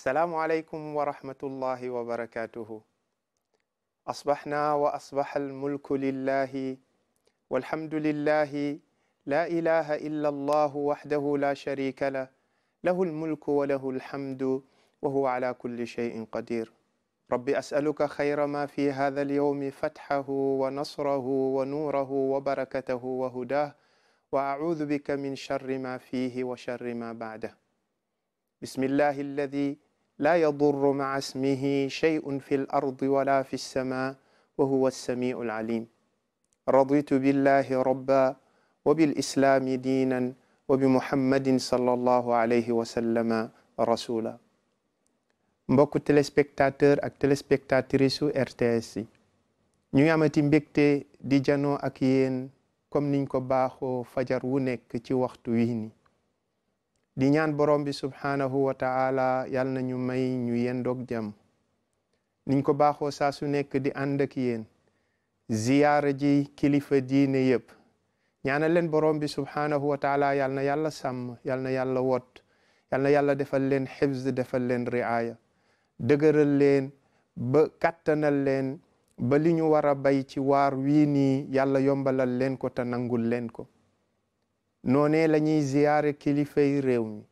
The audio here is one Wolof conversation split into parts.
السلام عليكم ورحمة الله وبركاته أصبحنا وأصبح الملك لله والحمد لله لا إله إلا الله وحده لا شريك له له الملك وله الحمد وهو على كل شيء قدير رب أسألك خير ما في هذا اليوم فتحه ونصره ونوره وبركته وهداه وأعوذ بك من شر ما فيه وشر ما بعده بسم الله الذي la yadurru ma'a ismihi shay'un fil ardi wala fis samaa wa huwa as-sami'ul alim raditu billahi rabba wa bil islami diinan wa bi muhammadin sallallahu alayhi wa sallama rasula mbokku téléspectateur ak téléspectatrice su RTS yi ñu ngi amati mbégte di janoo ak yéen comme niñ ko baaxoo fajar wu nekk ci waxtu wii ni di ñaan borom bi subhaanahu wa ta'ala yal na may ñu yendoog jàmm niñ ko baaxoo saa su nekk di ànd ak yéen ziyaara ji kilifa diine yëpp ñaanal leen borom bi subhaanahu wa taala yal na yàlla sàmm yal na yàlla wot yal na yàlla defal leen xibs defal leen riaya dëgëral leen ba kàttanal leen ba li ñu war a bay ci waar wii nii yàlla yombalal leen ko te nangu leen ko noonee la ñuy ziyaare kilifay réew mi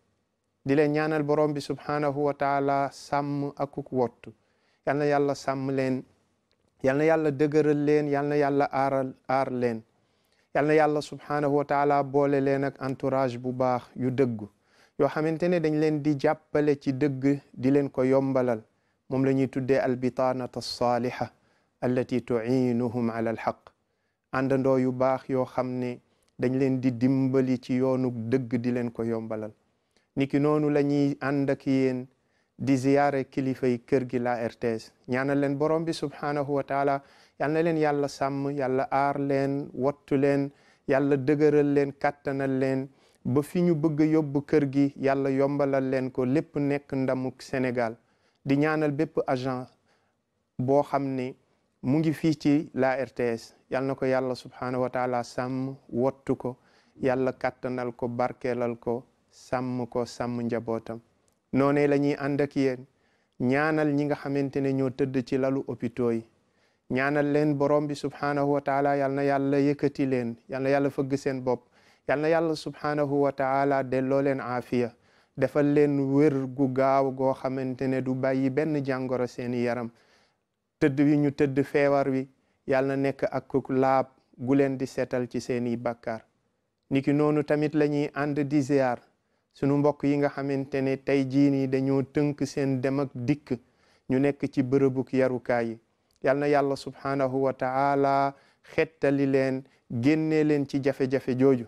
di leen ñaanal borom bi subhaanahu wa taala sàmm akuk wottu yal na yàlla sàmm leen yal na yàlla dëgëral leen yal na yàlla aaral aar leen yal na yàlla subhaanahu wa taala boole leen ak entourage bu baax yu dëgg yoo xamante ne dañ leen di jàppale ci dëgg di leen ko yombalal moom la tuddee albitaanata alsaaliha allati tuiinuhum ala yu baax yoo xam ne dañ leen di dimbali ci yoonu dëgg di leen ko yombalal niki noonu la ñuy ànd di ziyaare kilifay kër gi la RTS ñaanal leen borom bi subhaanahu wa taala leen yàlla sàmm yàlla aar leen wattu leen yàlla dëgëral leen kàttanal leen ba fi ñu bëgg yóbbu kër gi yàlla yombalal leen ko lépp nekk ndamuk Sénégal di ñaanal bépp agent boo xam mu ngi fii ci la RTS yal na ko yàlla subhaanahu wa taala sàmm wottu ko yàlla kàttanal ko barkelal ko sàmm ko sàmm njabootam noonee la ñuy ànd ak yéen ñaanal ñi nga xamante ne ñoo tëdd ci lalu hôpitaux yi ñaanal leen borom bi subhaanahu wa taala yal na yàlla yëkkati leen yal na yàlla fëgg seen bopp yal na yàlla subhaanahu wa taala delloo leen aafiya defal leen wér gu gaaw goo xamante ne du bàyyi benn jàngoro seeni yaram tëdd wi ñu tëdd feebar wi yàlla na nekk ak laab gu leen di seetal ci seeni bàkkaar niki noonu tamit la ñuy di ziar sunu mbokk yi nga xamante ne tey jii nii dañoo tënk seen dem ak dikk ñu nekk ci bërëbuk yarukaay yi yal na yàlla subhaanahu wa taala xettali leen génne leen ci jafe-jafe jooju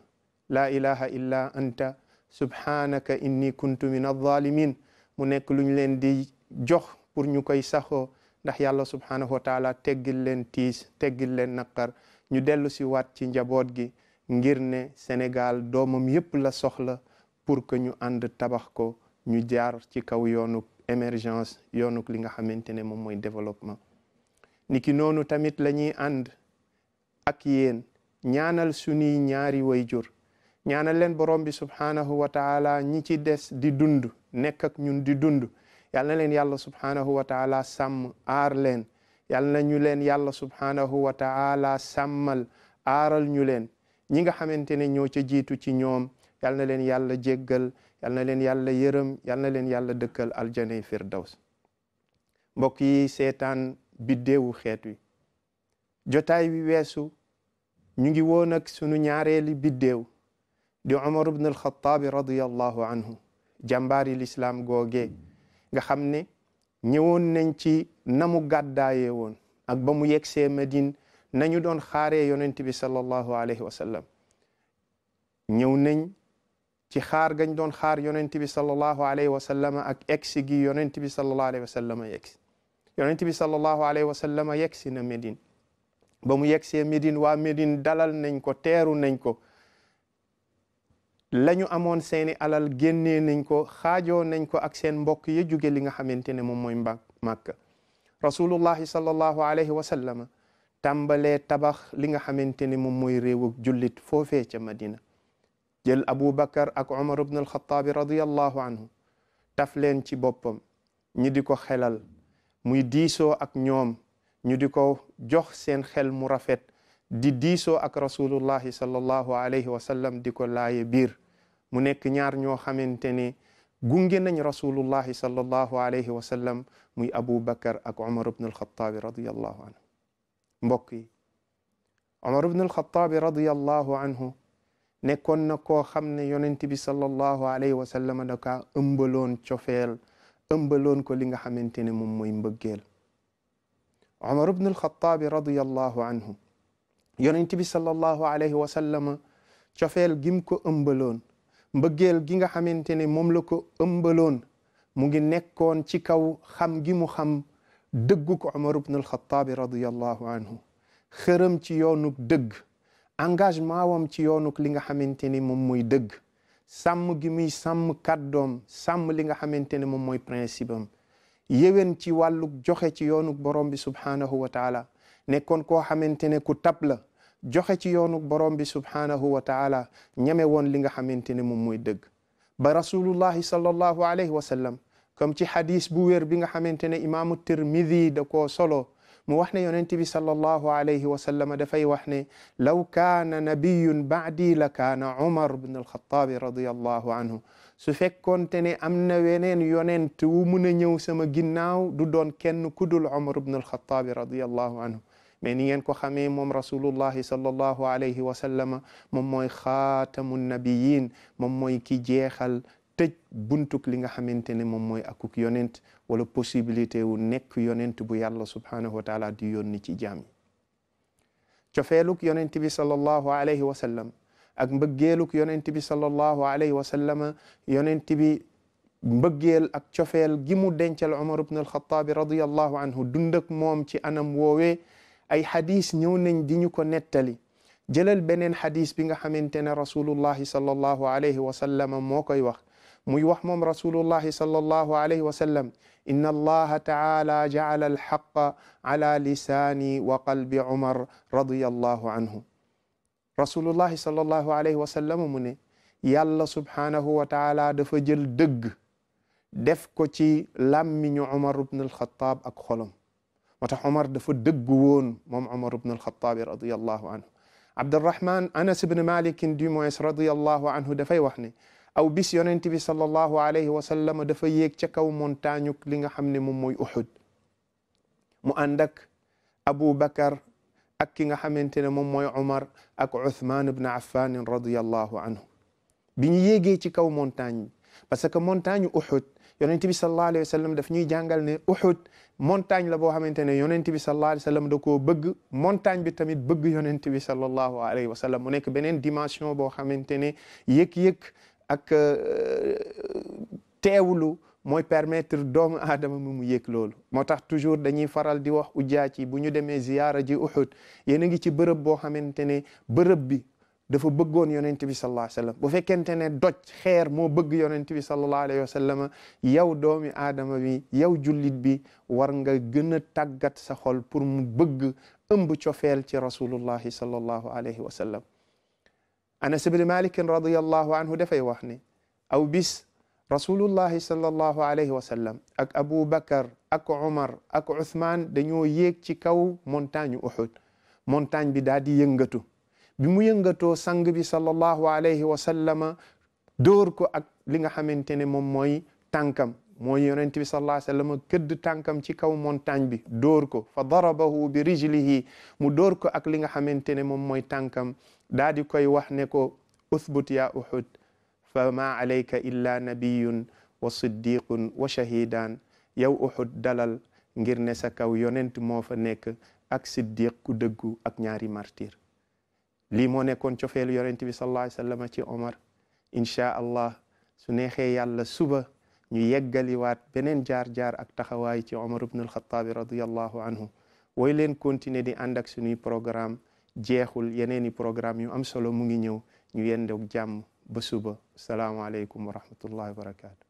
la ilaha illa anta subhaanaka inni kuntu min alzalimin mu nekk lu ñu leen di jox pour ñu koy saxoo ndax yàlla subhaanahu wa taala teggil leen tiis teggil leen naqar ñu dellu si waat ci njaboot gi ngir ne Sénégal doomam yépp la soxla pour que ñu ànd tabax ko ñu jaar ci kaw yoonuk émergence yoonuk li nga xamante ne moom mooy développement niki noonu tamit la ñuy ànd ak yéen ñaanal suñuy ñaari jur ñaanal leen borom bi subhaanahu wa taala ñi ci des di dund nekk ak ñun di dund yal na leen yàlla subhaanahu wa taala sàmm aar leen yal na ñu leen yàlla subhaanahu wa taala sàmmal aaral ñu leen ñi nga xamante ne ñoo ca jiitu ci ñoom yal na leen yàlla jéggal yal na leen yàlla yërëm yal na leen yàlla dëkkal aljanay firdaws mbokk yi seetaan biddeewu xeet wi jotaay wi weesu ñu ngi woon ak sunu ñaareeli biddeew di Omar ibn al-Khattabi anhu jàmbaari lislaam googee nga xam ne ñëwoon nañ ci na mu woon ak ba mu yegsee Madine nañu doon xaaree yonent bi sallallahu alayhi ñëw nañ ci xaar gañ doon xaar yonent bi sallallahu alayhi wa sallam ak egsi gi yonent bi sallallahu alayhi wa sallam yegsi yonent bi sallallahu alayhi wa sallam na Médine ba mu yegsee Médine waa Médine dalal nañ ko teeru nañ ko la amoon seeni alal génnee nañ ko xaajoo nañ ko ak seen mbokk ya jóge li nga xamante ne moom mooy mba màkk rasulullahi sallallahu alayhi wa sallama tàmbalee tabax li nga xamante ne moom mooy réewub jullit foofee ca madina jël abu bakar ak umar ibn alxataabi radiallahu anhu taf leen ci boppam ñi di ko xelal muy diisoo ak ñoom ñu di ko jox seen xel mu rafet di diisoo ak rasulullahi sallallahu alayhi wa sallam di ko laaye biir mu nekk ñaar ñoo xamante ne gunge nañ rasulullahi sallallahu alayhi wa sallam muy Abu Bakar ak Omar ibn al-Khattabi radiyallahu anhu mbokk yi Omar ibn al-Khattabi radiyallahu na koo xam ne yonent bi sallallahu alayhi wa sallam da kaa cofeel ëmbaloon ko li nga xamante ne moom mooy mbëggeel Omar ibn al-Khattabi radiyallahu anhu yonent bi sallallahu alayhi wa sallam cofeel gim ko ëmbaloon mbëggeel gi nga xamante ne moom la ko ëmbaloon mu ngi nekkoon ci kaw xam gi mu xam dëggu ko Umar ibn al-Khattabi radiyallahu anhu xërëm ci yoonuk dëgg engagement wam ci yoonuk li nga xamante ni moom mooy dëgg sàmm gi muy sàmm kàddoom sàmm li nga xamante ne moom mooy principe am yéwén ci wàlluk joxe ci yoonuk borom bi subhaanahu wa taala nekkoon koo xamante ne ku tab la joxe ci yoonu borom bi subhaanahu wa taala ñeme woon li nga xamante ne moom mooy dëgg ba rasulullahi sallallahu alayhi wa sallam comme ci hadis bu wér bi nga xamante ne imaamu tirmidi da koo solo mu wax ne yonent bi sallallahu alayhi wa sallam dafay wax ne law kaana nabiyun baadi la kaana umar bin alxataabi radiallahu anhu su fekkoonte ne am na weneen yonent wu mun a ñëw sama ginnaaw du doon kenn ku dul umar bin alxataabi radiallahu anhu mais ni ngeen ko xamee moom rasulullahi sallallahu alayhi wa sallama moom mooy xaatamu nabiyin moom mooy ki jeexal tëj buntuk li nga xamante ne moom mooy akuk yonent wala possibilité wu nekk yonent bu yàlla subhanahu wa taala di yónni ci jaam yi cofeeluk yonent bi sallallahu alayhi wa sallam ak mbëggeeluk yonent bi sallallahu alayhi wa sallama bi mbëggeel ak cofeel gi mu dencal Umar ibn al-Khattabi anhu dund ak moom ci anam woowee ay xadis ñëw nañ di ñu ko nettali jëlal beneen xadiis bi nga xamante ne rasulullahi sallallahu alayhi wa sallam moo koy wax muy wax moom rasulullahi sallallahu alayhi wa sallam inna allaha taala jaala alxaqa ala lisaani wa qalbi wa mu ne yàlla subhaanahu wa taala dafa jël dëgg def ko ci làmmiñu umar ibn alxataab ak xolom moo tax Omar dafa dëggu woon moom Omar ibn al-Khattabi anhu Abdurrahman Anas ibn Malik du moins radiyallahu anhu dafay wax ne aw bis yonent bi sallallahu alayhi wa sallam dafa yéeg ca kaw montagne li nga xam ne moom mooy Uhud mu ànd Abu Bakar ak ki nga xamante ne moom mooy Omar ak Uthman ibn Affan radiyallahu anhu bi ñu yéegee ci kaw montagne parce que montagne Uhud yonent bi sallallahu alayhi wa sallam daf ñuy jàngal ne Uhud montagne la boo xamante ne yonent bi sallallahu alayhi wa da koo bëgg montagne bi tamit bëgg yonent bi sallallahu alayhi wa sallam mu nekk beneen dimension boo xamante ne yëg-yëg ak euh, teewlu mooy permettre doomu aadama mi mu yëg loolu moo tax toujours dañuy faral di wax ujaa ci bu ñu demee ziyaara ji Uhud yéen a ngi ci bërëb boo xamante ne bërëb bi dafa bëggoon yonent bi sallallahu alayhi wa sallam bu fekkente ne doj xeer moo bëgg yonent bi sallallahu alayhi wa yow doomi aadama bi yow jullit bi war nga gën a tàggat sa xol pour mu bëgg ëmb cofeel ci rasulullahi sallallahu alayhi wa sallam anas ibn malik radiyallahu anhu dafay wax ne aw bis rasulullahi sallallahu alayhi wa ak abu bakar ak omar ak uthman dañoo yéeg ci kaw montagne Uhud montagne bi daal di yëngatu bi mu yëngatoo sang bi sallallahu alayhi wa sallama dóor ko ak li nga xamante ne moom mooy tànkam mooy yonent bi sallallahu alayhi wa sallama këdd tànkam ci kaw montagne bi dóor ko fa darabahu bi rijlihi mu dóor ko ak li nga xamante ne moom mooy tànkam daa di koy wax ne ko uthbut ya uhud fa ma alayka illa nabiyun wa siddiqun wa shahidaan yow uhud dalal ngir ne sa kaw yonent moo fa nekk ak siddiq ku dëggu ak ñaari martir lii moo nekkoon cofeelu yonent bi sallallahu alayhi wasallam ci Omar incha allah su neexee yàlla suba ñu yeggaliwaat beneen jaar-jaar ak taxawaay ci Omar ibn al-Khattabi radiyallahu anhu wooy leen continuer di ànd ak suñuy programme jeexul yeneen i programme yu am solo mu ngi ñëw ñu yendoog jàmm ba suba salaamaaleykum wa rahmatullahi wa